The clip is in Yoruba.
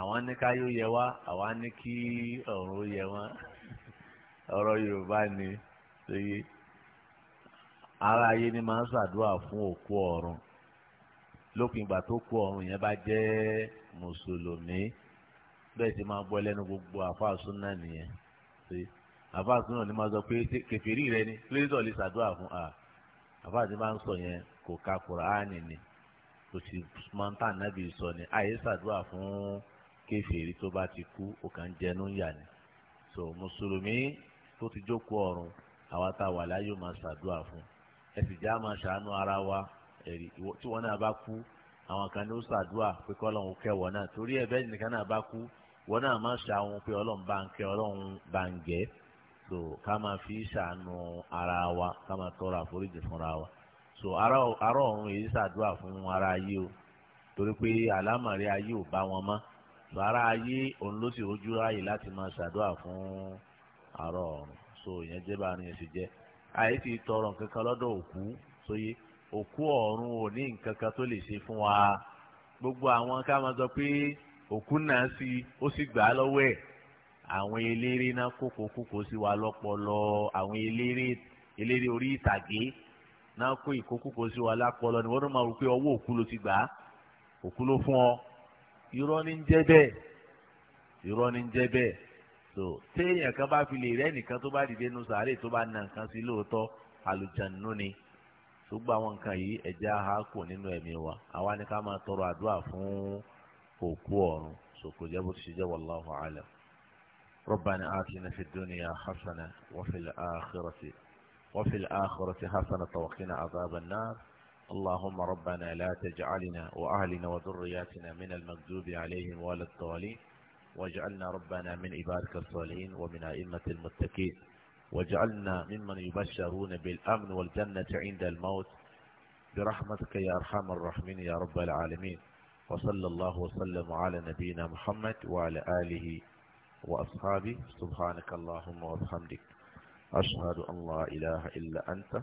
àwọn ní káyé ó yẹ wá àwa ní kí ọ̀run ó yẹ wọ́n ọ̀rọ̀ yorùbá ni lóye ara ayé ni máa ń ṣàdúrà fún òkú ọ̀run lópin ìgbà tó kú ọ̀run yẹn bá jẹ́ mùsùlùmí bẹ́ẹ̀ ti máa gbọ́ lẹ́nu gbogbo àfáàsùn náà nìyẹn àfáàsùn náà ni máa sọ pé kẹfìrí rẹ ni pírẹ́sìtọ̀ lè ṣàdúrà fún a àfáàsùn máa ń sọ yẹn kò ka kùránì ni kò sì máa ń tà nábì sọ ni àyè ṣàdúrà fún kéfèèrè tó bá ti kú ó jẹnu yà ni so mùsùlùmí tó ti jókòó ọ̀run àwa tá a wà láyé máa ṣàdúrà fún ẹ sì já máa ṣàánú ara wa ẹ̀rí tí wọ́n náà bá kú àwọn kan ní ó ṣàdúrà pé kí ọlọ́run kẹ́ náà torí ẹ̀ bẹ́ẹ̀ nìkan náà bá kú wọ́n náà máa ṣàwọn pé ọlọ́run bá ń kẹ́ ọlọ́run bá ń gẹ́ so ká máa fi ṣàánú ara wa ká máa tọrọ àforíjì fúnra wa so ará ọ̀run èyí ṣàdúrà fún ara ayé o torí pé àlámọ̀rí ayé ò bá wọn mọ́ sàrà ayé òun ló sì rojú ráàyè láti máa ṣàdúrà fún àárọ̀ ọ̀run so ìyẹn jẹ́ bá arìnrìn ṣe jẹ́ àyè ti tọrọ nǹkan kan lọ́dọ̀ òkú sóyè òkú ọ̀run ò ní nǹkan kan tó lè ṣe fún wa gbogbo àwọn ká máa sọ pé òkú náà sí ó sì gbà á lọ́wọ́ ẹ̀ àwọn eléré náà kókó kókó sí wa lọ́pọlọ àwọn eléré eléré orí ìtàgé náà kó ìkókókó sí wa lápọlọ ni wọ́n tún máa rò pé ọwọ́ òkú ló ti gbà á òkú ló fún ọ irọ́ ní ń jẹ́ bẹ́ẹ̀ irọ́ ní ń jẹ́ bẹ́ẹ̀ so téèyàn kan bá fi lè rẹ́ nìkan tó bá dìde nu sàárè tó bá na nǹkan sí lóòótọ́ àlùjànnú ni ṣùgbọ́n àwọn nǹkan yìí ẹ̀jẹ̀ á kù nínú ẹ̀mí wa àwa ni ká máa tọrọ àdúrà fún òkú ọ̀run sòkò jẹ́ bó ti ṣe jẹ́ wallahu alam ربنا آتنا في الدنيا حسنة وفي الآخرة وفي الآخرة حسنة وقنا عذاب النار اللهم ربنا لا تجعلنا وأهلنا وذرياتنا من المكذوب عليهم ولا الضالين واجعلنا ربنا من عبادك الصالحين ومن أئمة المتقين واجعلنا ممن يبشرون بالأمن والجنة عند الموت برحمتك يا أرحم الراحمين يا رب العالمين وصلى الله وسلم على نبينا محمد وعلى آله وأصحابه سبحانك اللهم وبحمدك أشهد أن لا إله إلا أنت